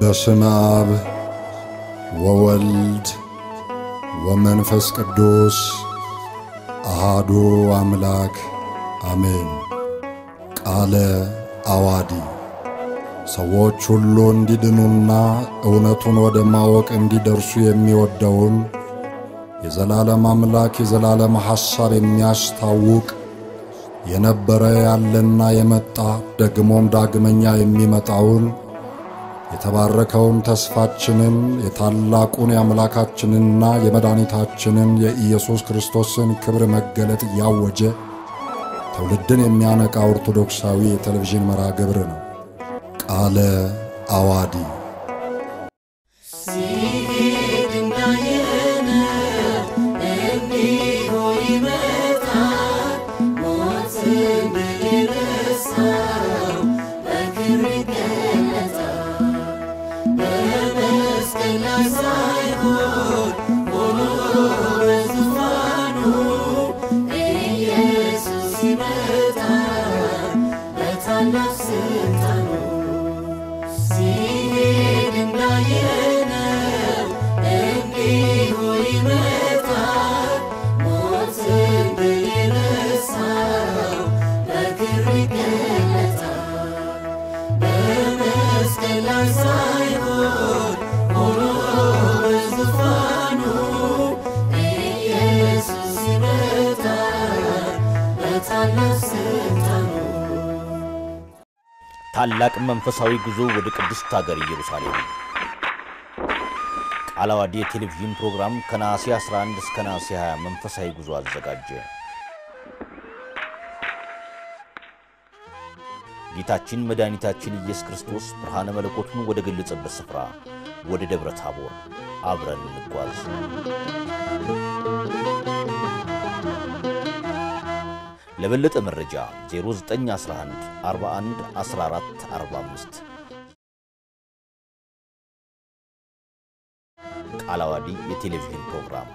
በስመ አብ ወወልድ ወመንፈስ ቅዱስ አሃዱ አምላክ አሜን። ቃለ አዋዲ ሰዎች ሁሉ እንዲድኑና እውነቱን ወደ ማወቅ እንዲደርሱ የሚወደውን የዘላለም አምላክ የዘላለም ሐሳብ የሚያስታውቅ የነበረ ያለና የመጣ ደግሞም ዳግመኛ የሚመጣውን የተባረከውን ተስፋችንን የታላቁን የአምላካችንና የመድኃኒታችንን የኢየሱስ ክርስቶስን ክብር መገለጥ እያወጀ ትውልድን የሚያነቃ ኦርቶዶክሳዊ የቴሌቪዥን መርሃ ግብር ነው ቃለ አዋዲ። ታላቅ መንፈሳዊ ጉዞ ወደ ቅድስት ሀገር ኢየሩሳሌም። ቃለ ዓዋዲ የቴሌቪዥን ፕሮግራም ከነሐሴ 11 እስከ ነሐሴ 20 መንፈሳዊ ጉዞ አዘጋጀ። ጌታችን መድኃኒታችን ኢየሱስ ክርስቶስ ብርሃነ መለኮቱን ወደ ገለጸበት ስፍራ ወደ ደብረ ታቦር አብረን እንጓዝ። ለበለጠ መረጃ 0911 41 14 45 ቃለ ዓዋዲ የቴሌቪዥን ፕሮግራም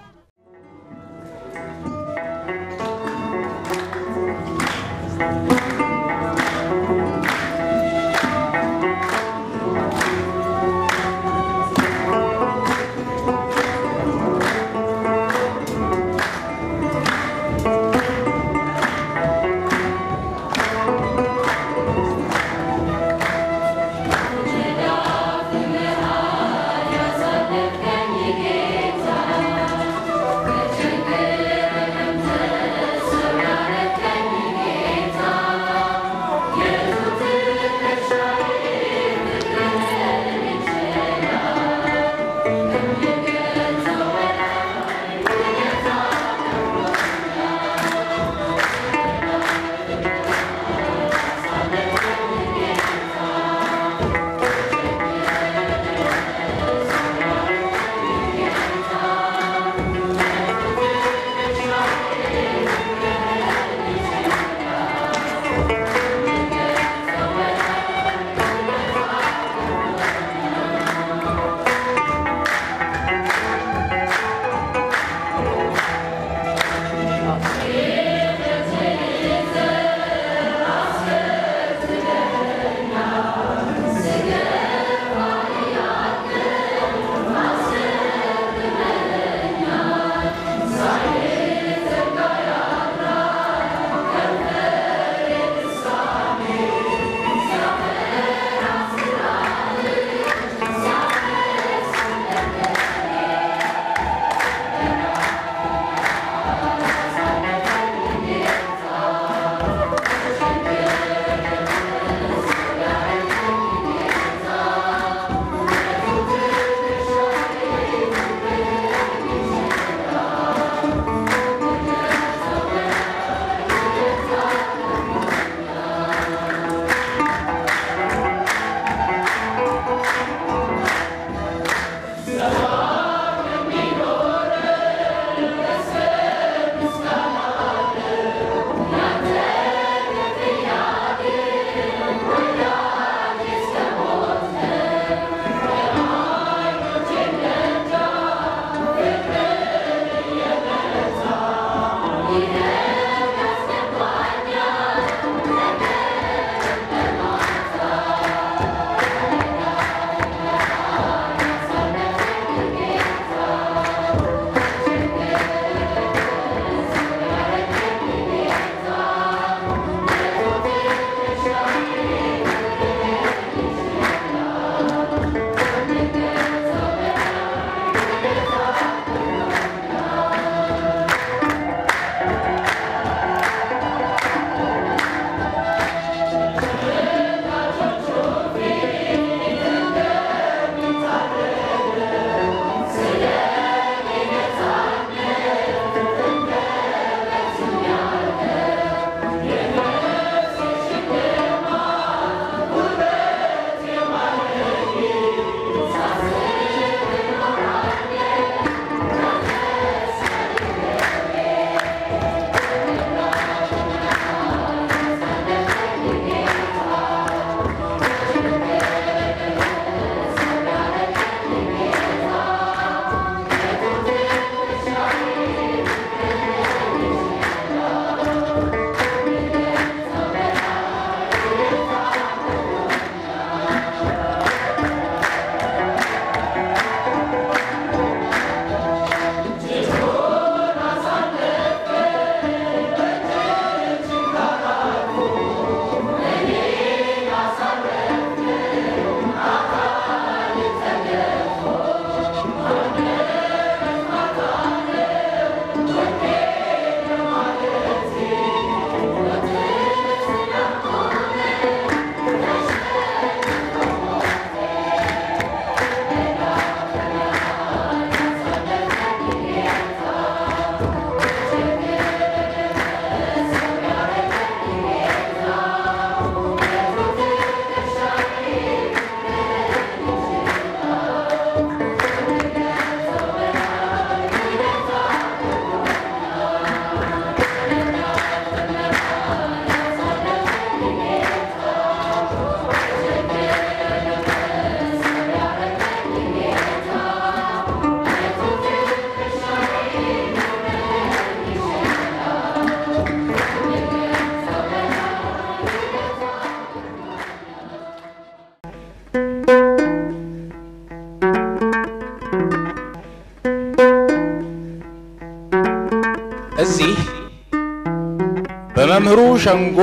መምህሩ ሸንጎ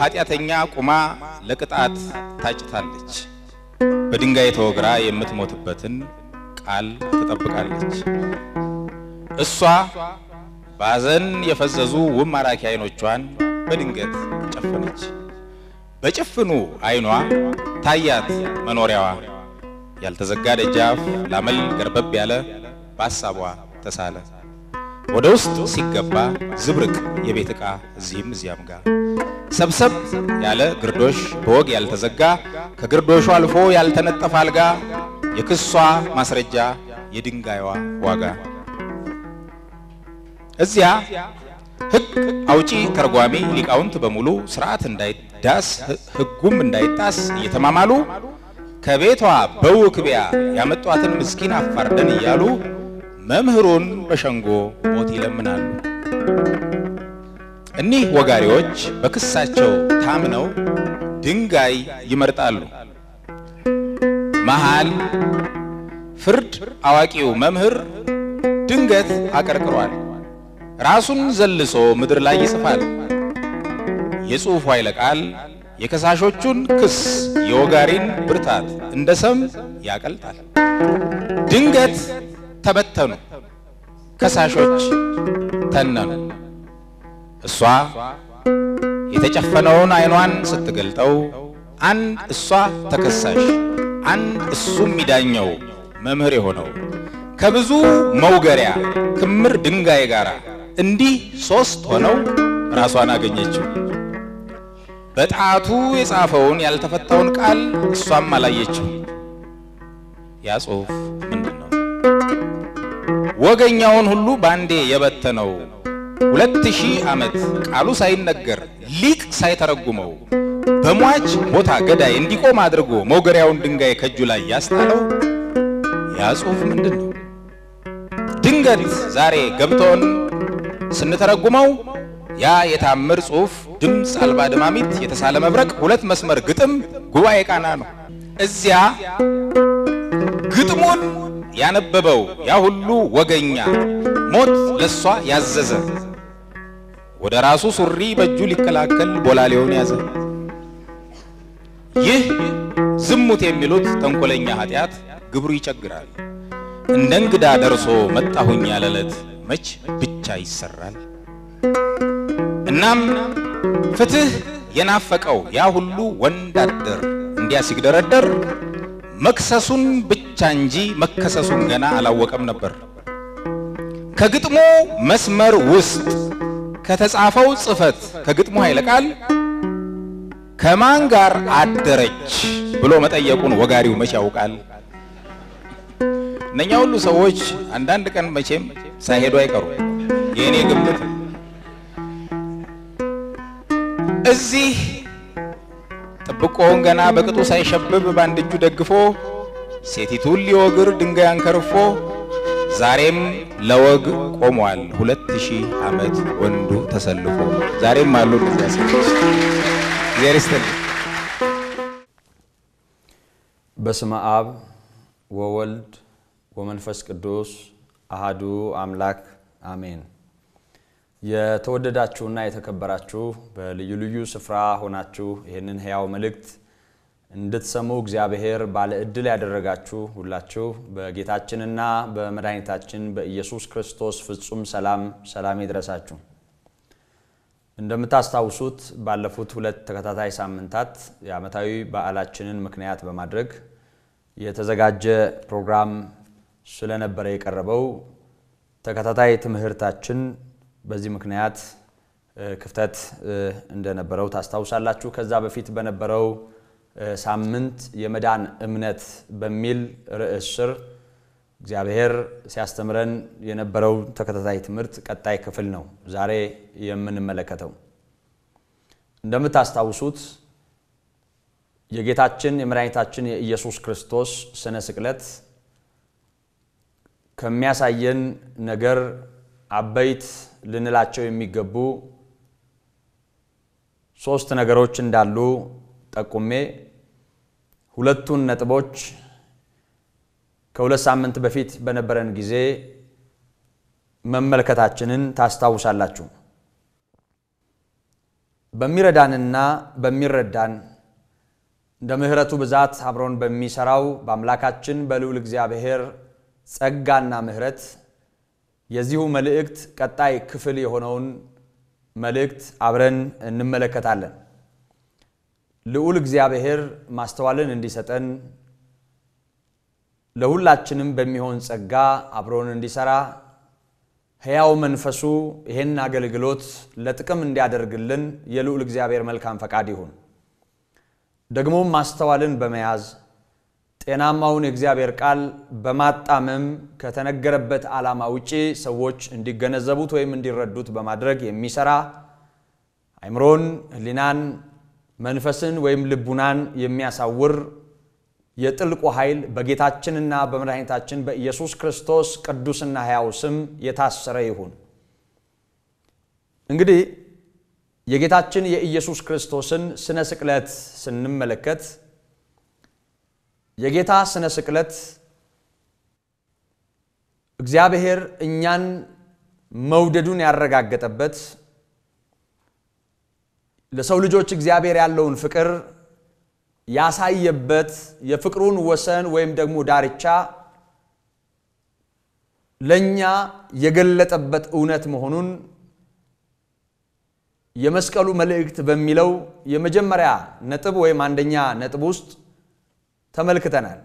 ኃጢአተኛ ቁማ ለቅጣት ታጭታለች። በድንጋይ ተወግራ የምትሞትበትን ቃል ትጠብቃለች። እሷ ባዘን የፈዘዙ ውብ ማራኪ አይኖቿን በድንገት ጨፈነች። በጭፍኑ አይኗ ታያት መኖሪያዋ ያልተዘጋ ደጃፍ ላመል ገርበብ ያለ በሐሳቧ ተሳለ። ወደ ውስጥ ሲገባ ዝብርቅ የቤት ዕቃ እዚህም እዚያም ጋር ሰብሰብ ያለ ግርዶሽ በወግ ያልተዘጋ ከግርዶሹ አልፎ ያልተነጠፈ አልጋ የክሷ ማስረጃ የድንጋይዋ ዋጋ እዚያ ሕግ አውጪ ተርጓሚ ሊቃውንት በሙሉ ስርዓት እንዳይዳስ ሕጉም እንዳይጣስ እየተማማሉ ከቤቷ በውክቢያ ያመጧትን ምስኪን አፋርደን እያሉ መምህሩን በሸንጎ ሞት ይለምናሉ። እኒህ ወጋሪዎች በክሳቸው ታምነው ድንጋይ ይመርጣሉ። መሃል ፍርድ አዋቂው መምህር ድንገት አቀርቅሯል። ራሱን ዘልሶ ምድር ላይ ይጽፋል። የጽሑፉ ኃይለ ቃል የከሳሾቹን ክስ የወጋሪን ብርታት እንደ ሰም ያቀልጣል። ድንገት ተበተኑ፣ ከሳሾች ተነኑ። እሷ የተጨፈነውን አይኗን ስትገልጠው አንድ እሷ ተከሳሽ አንድ እሱ የሚዳኘው መምህር የሆነው ከብዙ መውገሪያ ክምር ድንጋይ ጋር እንዲህ ሶስት ሆነው ራሷን አገኘችው። በጣቱ የጻፈውን ያልተፈታውን ቃል እሷም አላየችው። ያ ጽሑፍ ወገኛውን ሁሉ ባንዴ የበተነው ሁለት ሺህ ዓመት ቃሉ ሳይነገር ሊቅ ሳይተረጉመው በሟች ቦታ ገዳይ እንዲቆም አድርጎ መውገሪያውን ድንጋይ ከእጁ ላይ ያስጣለው ያ ጽሑፍ ምንድን ነው? ድንገት ዛሬ ገብቶን ስንተረጉመው ያ የታምር ጽሑፍ ድምፅ አልባ ድማሚት፣ የተሳለ መብረቅ፣ ሁለት መስመር ግጥም፣ ጉባኤ ቃና ነው። እዚያ ግጥሙን ያነበበው ያ ሁሉ ወገኛ ሞት ለሷ ያዘዘ ወደ ራሱ ሱሪ በእጁ ሊከላከል ቦላሌውን ያዘ። ይህ ዝሙት የሚሉት ተንኮለኛ ኃጢአት ግብሩ ይቸግራል። እንደ እንግዳ ደርሶ መጣሁኝ ያለ መች ብቻ ይሰራል። እናም ፍትህ የናፈቀው ያ ሁሉ ወንድ አደር እንዲያ ሲግደረደር መክሰሱን ብቻ እንጂ መከሰሱን ገና አላወቀም ነበር። ከግጥሙ መስመር ውስጥ ከተጻፈው ጽፈት ከግጥሙ ኃይለ ቃል ከማን ጋር አደረች ብሎ መጠየቁን ወጋሪው መቼ ያውቃል? እነኛ ሁሉ ሰዎች አንዳንድ ቀን መቼም ሳይሄዱ አይቀሩ። የእኔ ግምት እዚህ ጥብቆውን ገና በቅጡ ሳይሸብብ ባንድ እጁ ደግፎ ሴቲቱን ሊወግር ድንጋይ አንከርፎ ዛሬም ለወግ ቆሟል ሁለት ሺህ ዓመት ወንዱ ተሰልፎ። ዛሬም አሉ እነዚያ በስመ አብ ወወልድ ወመንፈስ ቅዱስ አሃዱ አምላክ አሜን። የተወደዳችሁና የተከበራችሁ በልዩ ልዩ ስፍራ ሆናችሁ ይህንን ህያው መልእክት እንድትሰሙ እግዚአብሔር ባለ እድል ያደረጋችሁ ሁላችሁ በጌታችንና በመድኃኒታችን በኢየሱስ ክርስቶስ ፍጹም ሰላም ሰላም ይድረሳችሁ። እንደምታስታውሱት ባለፉት ሁለት ተከታታይ ሳምንታት የዓመታዊ በዓላችንን ምክንያት በማድረግ የተዘጋጀ ፕሮግራም ስለነበረ የቀረበው ተከታታይ ትምህርታችን በዚህ ምክንያት ክፍተት እንደነበረው ታስታውሳላችሁ። ከዛ በፊት በነበረው ሳምንት የመዳን እምነት በሚል ርዕስ ስር እግዚአብሔር ሲያስተምረን የነበረው ተከታታይ ትምህርት ቀጣይ ክፍል ነው ዛሬ የምንመለከተው። እንደምታስታውሱት የጌታችን የመድኃኒታችን የኢየሱስ ክርስቶስ ስነ ስቅለት ከሚያሳየን ነገር አበይት ልንላቸው የሚገቡ ሶስት ነገሮች እንዳሉ ጠቁሜ ሁለቱን ነጥቦች ከሁለት ሳምንት በፊት በነበረን ጊዜ መመልከታችንን ታስታውሳላችሁ። በሚረዳንና በሚረዳን እንደ ምሕረቱ ብዛት አብሮን በሚሰራው በአምላካችን በልዑል እግዚአብሔር ጸጋና ምሕረት የዚሁ መልእክት ቀጣይ ክፍል የሆነውን መልእክት አብረን እንመለከታለን። ልዑል እግዚአብሔር ማስተዋልን እንዲሰጠን ለሁላችንም በሚሆን ጸጋ አብሮን እንዲሰራ ሕያው መንፈሱ ይህን አገልግሎት ለጥቅም እንዲያደርግልን የልዑል እግዚአብሔር መልካም ፈቃድ ይሁን። ደግሞም ማስተዋልን በመያዝ ጤናማውን የእግዚአብሔር ቃል በማጣመም ከተነገረበት ዓላማ ውጪ ሰዎች እንዲገነዘቡት ወይም እንዲረዱት በማድረግ የሚሰራ አይምሮን፣ ህሊናን፣ መንፈስን ወይም ልቡናን የሚያሳውር የጥልቁ ኃይል በጌታችንና በመድኃኒታችን በኢየሱስ ክርስቶስ ቅዱስና ሕያው ስም የታሰረ ይሁን። እንግዲህ የጌታችን የኢየሱስ ክርስቶስን ስነ ስቅለት ስንመለከት የጌታ ስነ ስቅለት እግዚአብሔር እኛን መውደዱን ያረጋገጠበት ለሰው ልጆች እግዚአብሔር ያለውን ፍቅር ያሳየበት የፍቅሩን ወሰን ወይም ደግሞ ዳርቻ ለእኛ የገለጠበት እውነት መሆኑን የመስቀሉ መልእክት በሚለው የመጀመሪያ ነጥብ ወይም አንደኛ ነጥብ ውስጥ ተመልክተናል።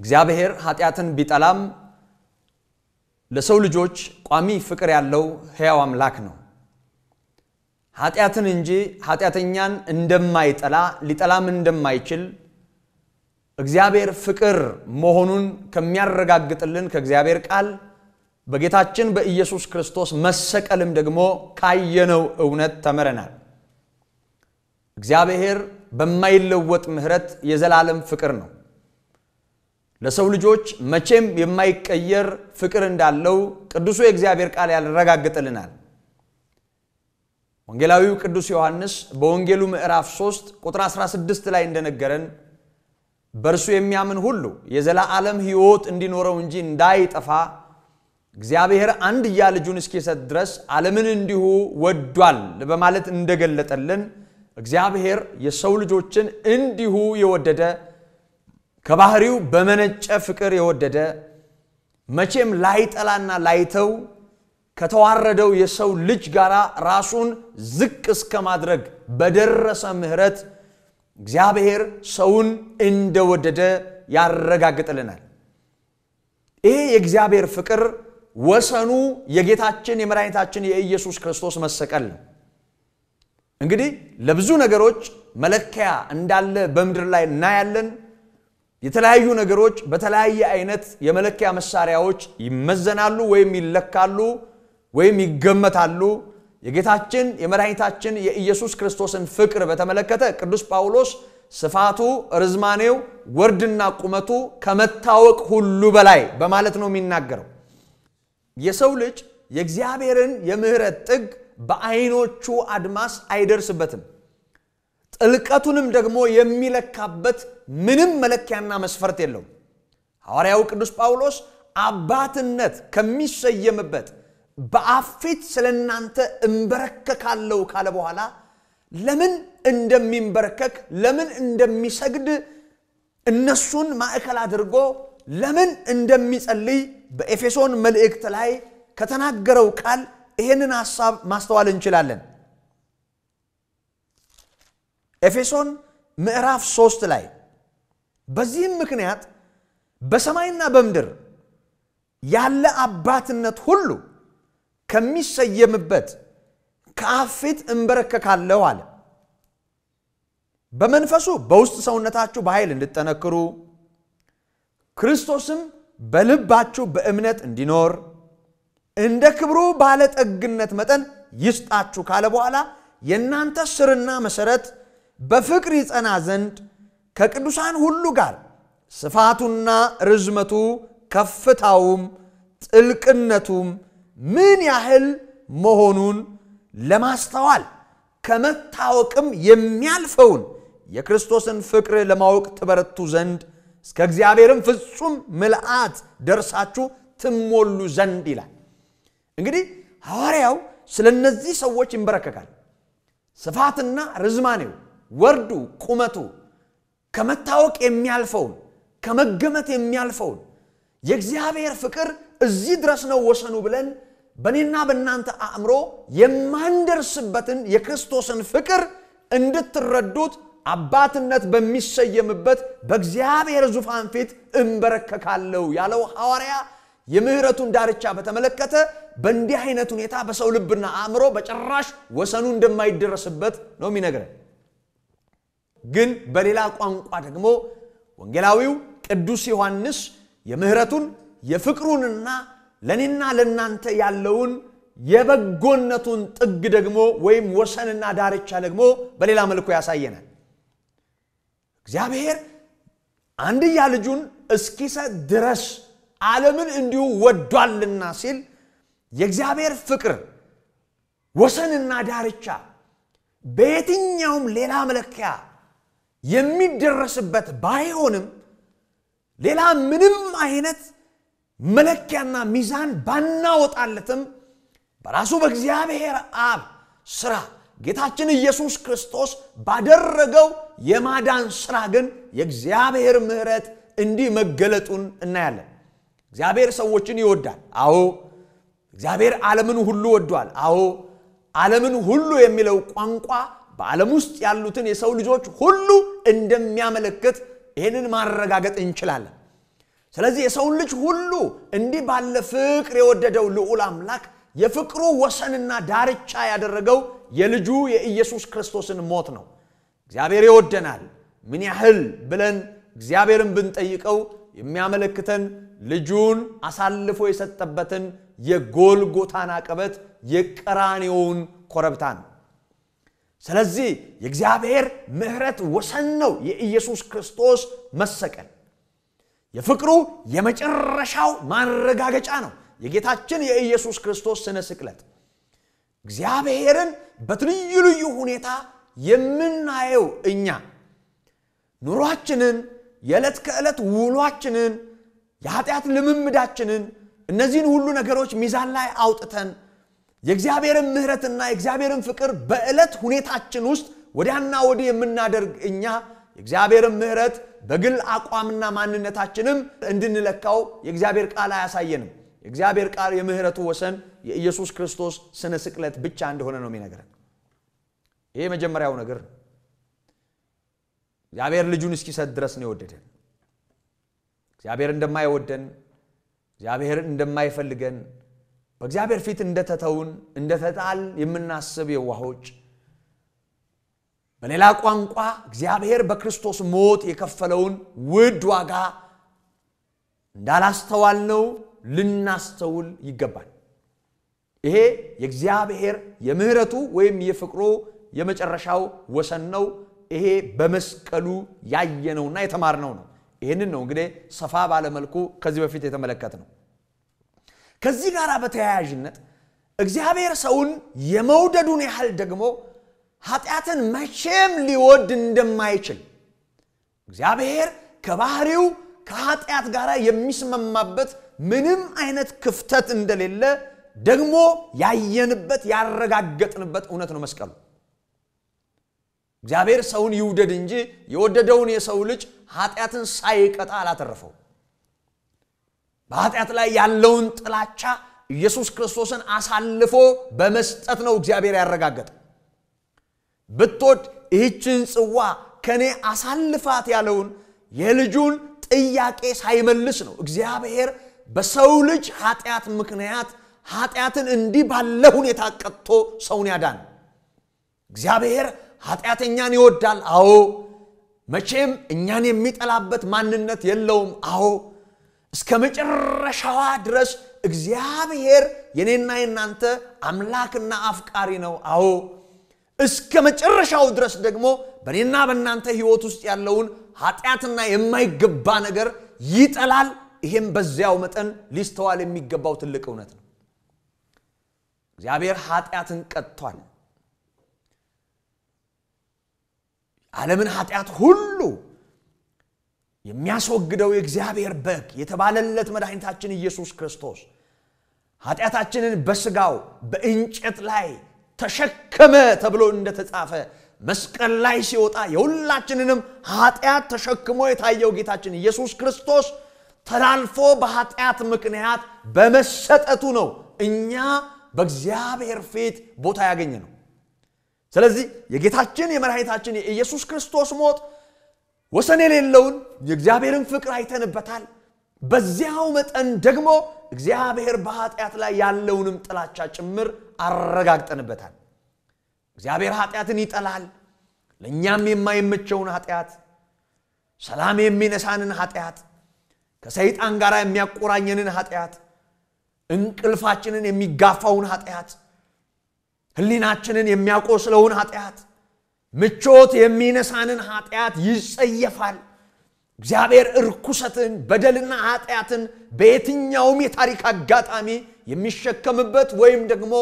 እግዚአብሔር ኃጢአትን ቢጠላም ለሰው ልጆች ቋሚ ፍቅር ያለው ሕያው አምላክ ነው። ኃጢአትን እንጂ ኃጢአተኛን እንደማይጠላ ሊጠላም እንደማይችል እግዚአብሔር ፍቅር መሆኑን ከሚያረጋግጥልን ከእግዚአብሔር ቃል በጌታችን በኢየሱስ ክርስቶስ መሰቀልም ደግሞ ካየነው እውነት ተምረናል። እግዚአብሔር በማይለወጥ ምህረት የዘላለም ፍቅር ነው። ለሰው ልጆች መቼም የማይቀየር ፍቅር እንዳለው ቅዱሱ የእግዚአብሔር ቃል ያረጋግጥልናል። ወንጌላዊው ቅዱስ ዮሐንስ በወንጌሉ ምዕራፍ 3 ቁጥር 16 ላይ እንደነገረን በእርሱ የሚያምን ሁሉ የዘላለም ሕይወት እንዲኖረው እንጂ እንዳይጠፋ እግዚአብሔር አንድያ ልጁን እስኪሰጥ ድረስ ዓለምን እንዲሁ ወዷል በማለት እንደገለጠልን እግዚአብሔር የሰው ልጆችን እንዲሁ የወደደ ከባህሪው በመነጨ ፍቅር የወደደ መቼም ላይጠላና ላይተው ከተዋረደው የሰው ልጅ ጋር ራሱን ዝቅ እስከ ማድረግ በደረሰ ምህረት እግዚአብሔር ሰውን እንደወደደ ያረጋግጥልናል። ይሄ የእግዚአብሔር ፍቅር ወሰኑ የጌታችን የመድኃኒታችን የኢየሱስ ክርስቶስ መሰቀል ነው። እንግዲህ ለብዙ ነገሮች መለኪያ እንዳለ በምድር ላይ እናያለን። የተለያዩ ነገሮች በተለያየ አይነት የመለኪያ መሳሪያዎች ይመዘናሉ ወይም ይለካሉ ወይም ይገመታሉ። የጌታችን የመድኃኒታችን የኢየሱስ ክርስቶስን ፍቅር በተመለከተ ቅዱስ ጳውሎስ ስፋቱ፣ ርዝማኔው፣ ወርድና ቁመቱ ከመታወቅ ሁሉ በላይ በማለት ነው የሚናገረው። የሰው ልጅ የእግዚአብሔርን የምሕረት ጥግ በአይኖቹ አድማስ አይደርስበትም። ጥልቀቱንም ደግሞ የሚለካበት ምንም መለኪያና መስፈርት የለው? ሐዋርያው ቅዱስ ጳውሎስ አባትነት ከሚሰየምበት በአፊት ስለ እናንተ እንበረከካለሁ ካለ በኋላ ለምን እንደሚንበረከክ ለምን እንደሚሰግድ እነሱን ማዕከል አድርጎ ለምን እንደሚጸልይ በኤፌሶን መልእክት ላይ ከተናገረው ቃል ይህንን ሐሳብ ማስተዋል እንችላለን። ኤፌሶን ምዕራፍ ሶስት ላይ በዚህም ምክንያት በሰማይና በምድር ያለ አባትነት ሁሉ ከሚሰየምበት ከአፊት እንበረከካለሁ አለ። በመንፈሱ በውስጥ ሰውነታችሁ በኃይል እንድጠነክሩ ክርስቶስም በልባችሁ በእምነት እንዲኖር እንደ ክብሩ ባለጠግነት መጠን ይስጣችሁ ካለ በኋላ የእናንተ ስርና መሰረት በፍቅር ይጸና ዘንድ ከቅዱሳን ሁሉ ጋር ስፋቱና ርዝመቱ ከፍታውም ጥልቅነቱም ምን ያህል መሆኑን ለማስተዋል ከመታወቅም የሚያልፈውን የክርስቶስን ፍቅር ለማወቅ ትበረቱ ዘንድ እስከ እግዚአብሔርም ፍጹም ምልአት ደርሳችሁ ትሞሉ ዘንድ ይላል። እንግዲህ ሐዋርያው ስለ እነዚህ ሰዎች ይንበረከካል። ስፋትና ርዝማኔው፣ ወርዱ፣ ቁመቱ ከመታወቅ የሚያልፈውን ከመገመት የሚያልፈውን የእግዚአብሔር ፍቅር እዚህ ድረስ ነው ወሰኑ ብለን በእኔና በእናንተ አእምሮ የማንደርስበትን የክርስቶስን ፍቅር እንድትረዱት አባትነት በሚሰየምበት በእግዚአብሔር ዙፋን ፊት እንበረከካለሁ ያለው ሐዋርያ የምህረቱን ዳርቻ በተመለከተ በእንዲህ አይነት ሁኔታ በሰው ልብና አእምሮ በጭራሽ ወሰኑ እንደማይደረስበት ነው የሚነግረን። ግን በሌላ ቋንቋ ደግሞ ወንጌላዊው ቅዱስ ዮሐንስ የምህረቱን የፍቅሩንና ለእኔና ለእናንተ ያለውን የበጎነቱን ጥግ ደግሞ ወይም ወሰንና ዳርቻ ደግሞ በሌላ መልኩ ያሳየናል። እግዚአብሔር አንድያ ልጁን እስኪሰጥ ድረስ ዓለምን እንዲሁ ወዷልና ሲል የእግዚአብሔር ፍቅር ወሰንና ዳርቻ በየትኛውም ሌላ መለኪያ የሚደረስበት ባይሆንም ሌላ ምንም አይነት መለኪያና ሚዛን ባናወጣለትም በራሱ በእግዚአብሔር አብ ስራ ጌታችን ኢየሱስ ክርስቶስ ባደረገው የማዳን ስራ ግን የእግዚአብሔር ምሕረት እንዲህ መገለጡን እናያለን። እግዚአብሔር ሰዎችን ይወዳል። አዎ። እግዚአብሔር ዓለምን ሁሉ ወዷል። አዎ። ዓለምን ሁሉ የሚለው ቋንቋ በዓለም ውስጥ ያሉትን የሰው ልጆች ሁሉ እንደሚያመለክት ይህንን ማረጋገጥ እንችላለን። ስለዚህ የሰውን ልጅ ሁሉ እንዲህ ባለ ፍቅር የወደደው ልዑል አምላክ የፍቅሩ ወሰንና ዳርቻ ያደረገው የልጁ የኢየሱስ ክርስቶስን ሞት ነው። እግዚአብሔር ይወደናል ምን ያህል ብለን እግዚአብሔርን ብንጠይቀው የሚያመለክተን ልጁን አሳልፎ የሰጠበትን የጎልጎታን አቀበት የቀራኔውን ኮረብታ ነው። ስለዚህ የእግዚአብሔር ምሕረት ወሰን ነው የኢየሱስ ክርስቶስ መሰቀል። የፍቅሩ የመጨረሻው ማረጋገጫ ነው የጌታችን የኢየሱስ ክርስቶስ ስነ ስቅለት። እግዚአብሔርን በትልዩ ልዩ ሁኔታ የምናየው እኛ ኑሯችንን፣ የዕለት ከዕለት ውሏችንን የኃጢአት ልምምዳችንን እነዚህን ሁሉ ነገሮች ሚዛን ላይ አውጥተን የእግዚአብሔርን ምህረትና የእግዚአብሔርን ፍቅር በዕለት ሁኔታችን ውስጥ ወዲያና ወዲህ የምናደርግ እኛ የእግዚአብሔርን ምህረት በግል አቋምና ማንነታችንም እንድንለካው የእግዚአብሔር ቃል አያሳየንም። የእግዚአብሔር ቃል የምህረቱ ወሰን የኢየሱስ ክርስቶስ ስነ ስቅለት ብቻ እንደሆነ ነው የሚነግረን። ይሄ መጀመሪያው ነገር እግዚአብሔር ልጁን እስኪሰጥ ድረስ ነው የወደደን። እግዚአብሔር እንደማይወደን፣ እግዚአብሔር እንደማይፈልገን፣ በእግዚአብሔር ፊት እንደተተውን እንደተጣል የምናስብ የዋሆች በሌላ ቋንቋ እግዚአብሔር በክርስቶስ ሞት የከፈለውን ውድ ዋጋ እንዳላስተዋልነው ልናስተውል ይገባል። ይሄ የእግዚአብሔር የምህረቱ ወይም የፍቅሩ የመጨረሻው ወሰን ነው። ይሄ በመስቀሉ ያየነውና የተማርነው ነው። ይህንን ነው እንግዲህ ሰፋ ባለመልኩ ከዚህ በፊት የተመለከት ነው። ከዚህ ጋር በተያያዥነት እግዚአብሔር ሰውን የመውደዱን ያህል ደግሞ ኃጢአትን መቼም ሊወድ እንደማይችል እግዚአብሔር ከባህሪው ከኃጢአት ጋር የሚስማማበት ምንም አይነት ክፍተት እንደሌለ ደግሞ ያየንበት ያረጋገጥንበት እውነት ነው መስቀሉ። እግዚአብሔር ሰውን ይውደድ እንጂ የወደደውን የሰው ልጅ ኃጢአትን ሳይቀጣ አላተረፈው። በኃጢአት ላይ ያለውን ጥላቻ ኢየሱስ ክርስቶስን አሳልፎ በመስጠት ነው እግዚአብሔር ያረጋገጠ። ብትወድ ይህችን ጽዋ ከእኔ አሳልፋት ያለውን የልጁን ጥያቄ ሳይመልስ ነው እግዚአብሔር በሰው ልጅ ኃጢአት ምክንያት ኃጢአትን እንዲህ ባለ ሁኔታ ቀጥቶ ሰውን ያዳን። እግዚአብሔር ኃጢአተኛን ይወዳል። አዎ መቼም እኛን የሚጠላበት ማንነት የለውም። አዎ እስከ መጨረሻዋ ድረስ እግዚአብሔር የኔና የናንተ አምላክና አፍቃሪ ነው። አዎ እስከ መጨረሻው ድረስ ደግሞ በእኔና በእናንተ ህይወት ውስጥ ያለውን ኃጢአትና የማይገባ ነገር ይጠላል። ይሄም በዚያው መጠን ሊስተዋል የሚገባው ትልቅ እውነት ነው። እግዚአብሔር ኃጢአትን ቀጥቷል። ዓለምን ኃጢአት ሁሉ የሚያስወግደው የእግዚአብሔር በግ የተባለለት መድኃኒታችን ኢየሱስ ክርስቶስ ኃጢአታችንን በስጋው በእንጨት ላይ ተሸከመ ተብሎ እንደተጻፈ መስቀል ላይ ሲወጣ የሁላችንንም ኃጢአት ተሸክሞ የታየው ጌታችን ኢየሱስ ክርስቶስ ተላልፎ በኃጢአት ምክንያት በመሰጠቱ ነው እኛ በእግዚአብሔር ፊት ቦታ ያገኘ ነው። ስለዚህ የጌታችን የመድኃኒታችን የኢየሱስ ክርስቶስ ሞት ወሰን የሌለውን የእግዚአብሔርን ፍቅር አይተንበታል። በዚያው መጠን ደግሞ እግዚአብሔር በኃጢአት ላይ ያለውንም ጥላቻ ጭምር አረጋግጠንበታል። እግዚአብሔር ኃጢአትን ይጠላል። ለእኛም የማይመቸውን ኃጢአት፣ ሰላም የሚነሳንን ኃጢአት፣ ከሰይጣን ጋር የሚያቆራኘንን ኃጢአት፣ እንቅልፋችንን የሚጋፋውን ኃጢአት ህሊናችንን የሚያቆስለውን ኃጢአት፣ ምቾት የሚነሳንን ኃጢአት ይጸየፋል። እግዚአብሔር እርኩሰትን፣ በደልና ኃጢአትን በየትኛውም የታሪክ አጋጣሚ የሚሸከምበት ወይም ደግሞ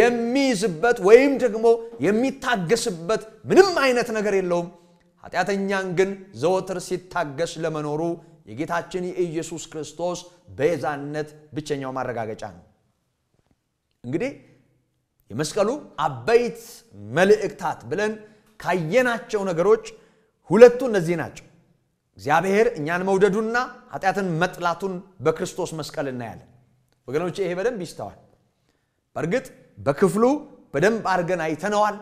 የሚይዝበት ወይም ደግሞ የሚታገስበት ምንም አይነት ነገር የለውም። ኃጢአተኛን ግን ዘወትር ሲታገስ ለመኖሩ የጌታችን የኢየሱስ ክርስቶስ ቤዛነት ብቸኛው ማረጋገጫ ነው። እንግዲህ የመስቀሉ አበይት መልእክታት ብለን ካየናቸው ነገሮች ሁለቱ እነዚህ ናቸው። እግዚአብሔር እኛን መውደዱና ኃጢአትን መጥላቱን በክርስቶስ መስቀል እናያለን። ወገኖች ይሄ በደንብ ይስተዋል። በእርግጥ በክፍሉ በደንብ አድርገን አይተነዋል።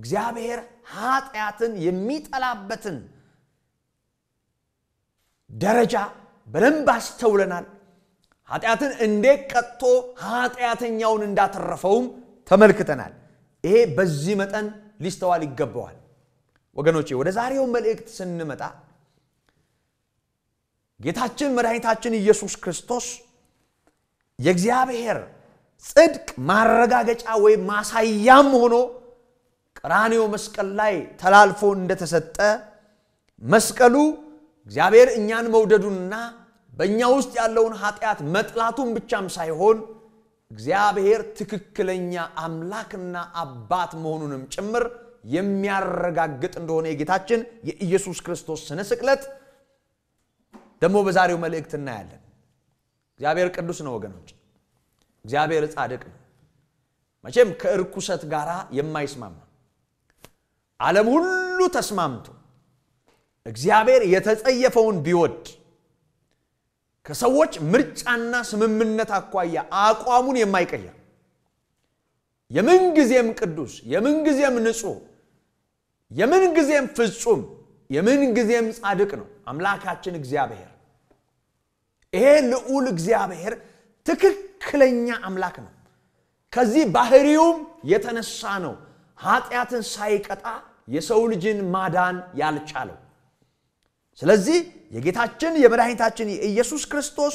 እግዚአብሔር ኃጢአትን የሚጠላበትን ደረጃ በደንብ አስተውለናል። ኃጢአትን እንዴት ቀጥቶ ኃጢአተኛውን እንዳተረፈውም ተመልክተናል። ይሄ በዚህ መጠን ሊስተዋል ይገባዋል። ወገኖቼ ወደ ዛሬው መልእክት ስንመጣ ጌታችን መድኃኒታችን ኢየሱስ ክርስቶስ የእግዚአብሔር ጽድቅ ማረጋገጫ ወይም ማሳያም ሆኖ ቀራንዮ መስቀል ላይ ተላልፎ እንደተሰጠ መስቀሉ እግዚአብሔር እኛን መውደዱንና በእኛ ውስጥ ያለውን ኃጢአት መጥላቱን ብቻም ሳይሆን እግዚአብሔር ትክክለኛ አምላክና አባት መሆኑንም ጭምር የሚያረጋግጥ እንደሆነ የጌታችን የኢየሱስ ክርስቶስ ስነ ስቅለት ደግሞ በዛሬው መልእክት እናያለን። እግዚአብሔር ቅዱስ ነው ወገኖች፣ እግዚአብሔር ጻድቅ ነው። መቼም ከእርኩሰት ጋር የማይስማማ ዓለም ሁሉ ተስማምቶ እግዚአብሔር የተጸየፈውን ቢወድ ከሰዎች ምርጫና ስምምነት አኳያ አቋሙን የማይቀየር የምንጊዜም ቅዱስ የምንጊዜም ንጹህ የምንጊዜም ፍጹም የምንጊዜም ጻድቅ ነው አምላካችን እግዚአብሔር። ይሄ ልዑል እግዚአብሔር ትክክለኛ አምላክ ነው። ከዚህ ባህሪውም የተነሳ ነው ኃጢአትን ሳይቀጣ የሰው ልጅን ማዳን ያልቻለው። ስለዚህ የጌታችን የመድኃኒታችን የኢየሱስ ክርስቶስ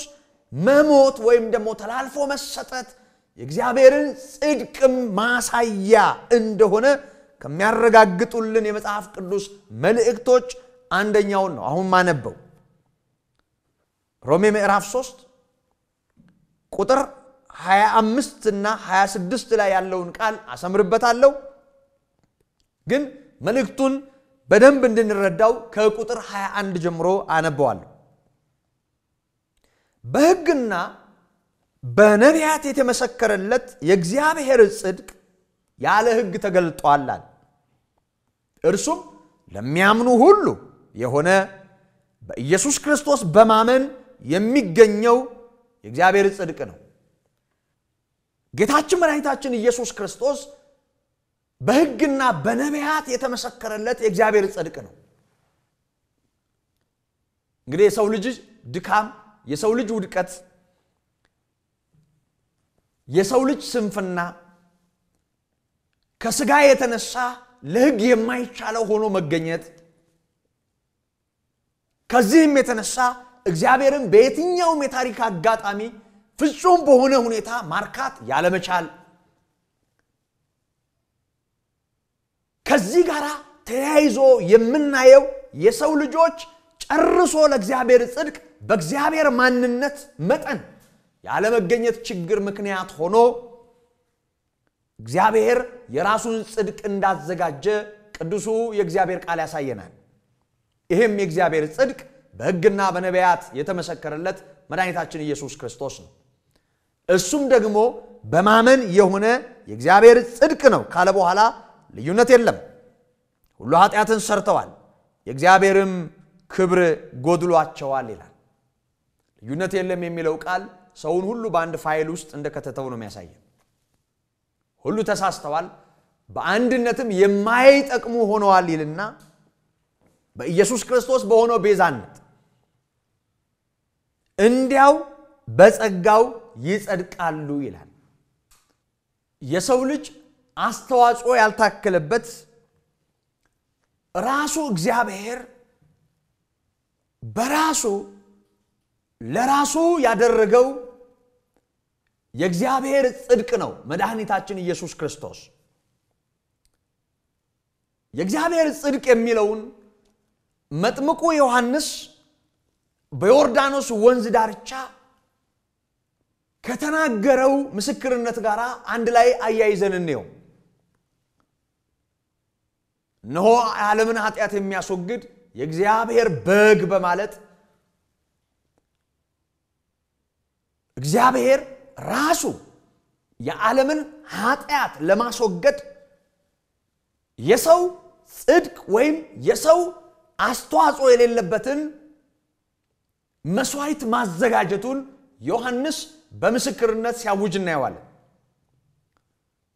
መሞት ወይም ደግሞ ተላልፎ መሰጠት የእግዚአብሔርን ጽድቅም ማሳያ እንደሆነ ከሚያረጋግጡልን የመጽሐፍ ቅዱስ መልእክቶች አንደኛውን ነው አሁን ማነበው ሮሜ ምዕራፍ 3 ቁጥር 25 እና 26 ላይ ያለውን ቃል አሰምርበታለሁ ግን መልእክቱን በደንብ እንድንረዳው ከቁጥር 21 ጀምሮ አነበዋለሁ። በሕግና በነቢያት የተመሰከረለት የእግዚአብሔር ጽድቅ ያለ ሕግ ተገልጧላል እርሱም ለሚያምኑ ሁሉ የሆነ በኢየሱስ ክርስቶስ በማመን የሚገኘው የእግዚአብሔር ጽድቅ ነው። ጌታችን መድኃኒታችን ኢየሱስ ክርስቶስ በህግና በነቢያት የተመሰከረለት የእግዚአብሔር ጽድቅ ነው። እንግዲህ የሰው ልጅ ድካም፣ የሰው ልጅ ውድቀት፣ የሰው ልጅ ስንፍና ከስጋ የተነሳ ለህግ የማይቻለው ሆኖ መገኘት ከዚህም የተነሳ እግዚአብሔርን በየትኛውም የታሪክ አጋጣሚ ፍጹም በሆነ ሁኔታ ማርካት ያለመቻል ከዚህ ጋር ተያይዞ የምናየው የሰው ልጆች ጨርሶ ለእግዚአብሔር ጽድቅ በእግዚአብሔር ማንነት መጠን ያለመገኘት ችግር ምክንያት ሆኖ እግዚአብሔር የራሱን ጽድቅ እንዳዘጋጀ ቅዱሱ የእግዚአብሔር ቃል ያሳየናል። ይህም የእግዚአብሔር ጽድቅ በሕግና በነቢያት የተመሰከረለት መድኃኒታችን ኢየሱስ ክርስቶስ ነው። እሱም ደግሞ በማመን የሆነ የእግዚአብሔር ጽድቅ ነው ካለ በኋላ ልዩነት የለም። ሁሉ ኃጢአትን ሰርተዋል፣ የእግዚአብሔርም ክብር ጎድሏቸዋል ይላል። ልዩነት የለም የሚለው ቃል ሰውን ሁሉ በአንድ ፋይል ውስጥ እንደከተተው ነው የሚያሳየው። ሁሉ ተሳስተዋል፣ በአንድነትም የማይጠቅሙ ሆነዋል ይልና በኢየሱስ ክርስቶስ በሆነው ቤዛነት እንዲያው በጸጋው ይጸድቃሉ ይላል። የሰው ልጅ አስተዋጽኦ ያልታከለበት ራሱ እግዚአብሔር በራሱ ለራሱ ያደረገው የእግዚአብሔር ጽድቅ ነው። መድኃኒታችን ኢየሱስ ክርስቶስ የእግዚአብሔር ጽድቅ የሚለውን መጥምቁ ዮሐንስ በዮርዳኖስ ወንዝ ዳርቻ ከተናገረው ምስክርነት ጋር አንድ ላይ አያይዘን እንየው። እነሆ የዓለምን ኃጢአት የሚያስወግድ የእግዚአብሔር በግ በማለት እግዚአብሔር ራሱ የዓለምን ኃጢአት ለማስወገድ የሰው ጽድቅ ወይም የሰው አስተዋጽኦ የሌለበትን መስዋዕት ማዘጋጀቱን ዮሐንስ በምስክርነት ሲያውጅ እናየዋለን።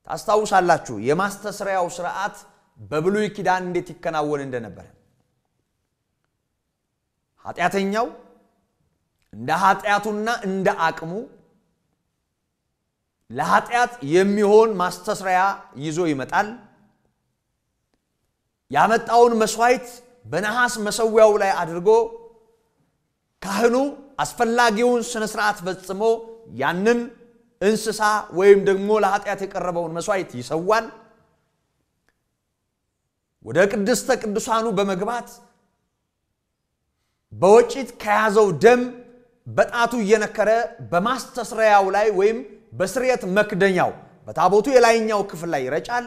ታስታውሳላችሁ የማስተስሪያው ስርዓት በብሉይ ኪዳን እንዴት ይከናወን እንደነበረ ኃጢአተኛው እንደ ኃጢአቱና እንደ አቅሙ ለኃጢአት የሚሆን ማስተስረያ ይዞ ይመጣል። ያመጣውን መስዋይት በነሐስ መሰዊያው ላይ አድርጎ ካህኑ አስፈላጊውን ስነ ስርዓት ፈጽሞ ያንን እንስሳ ወይም ደግሞ ለኃጢአት የቀረበውን መስዋይት ይሰዋል። ወደ ቅድስተ ቅዱሳኑ በመግባት በወጪት ከያዘው ደም በጣቱ እየነከረ በማስተስረያው ላይ ወይም በስርየት መክደኛው በታቦቱ የላይኛው ክፍል ላይ ይረጫል።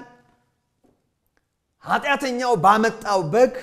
ኃጢአተኛው ባመጣው በግ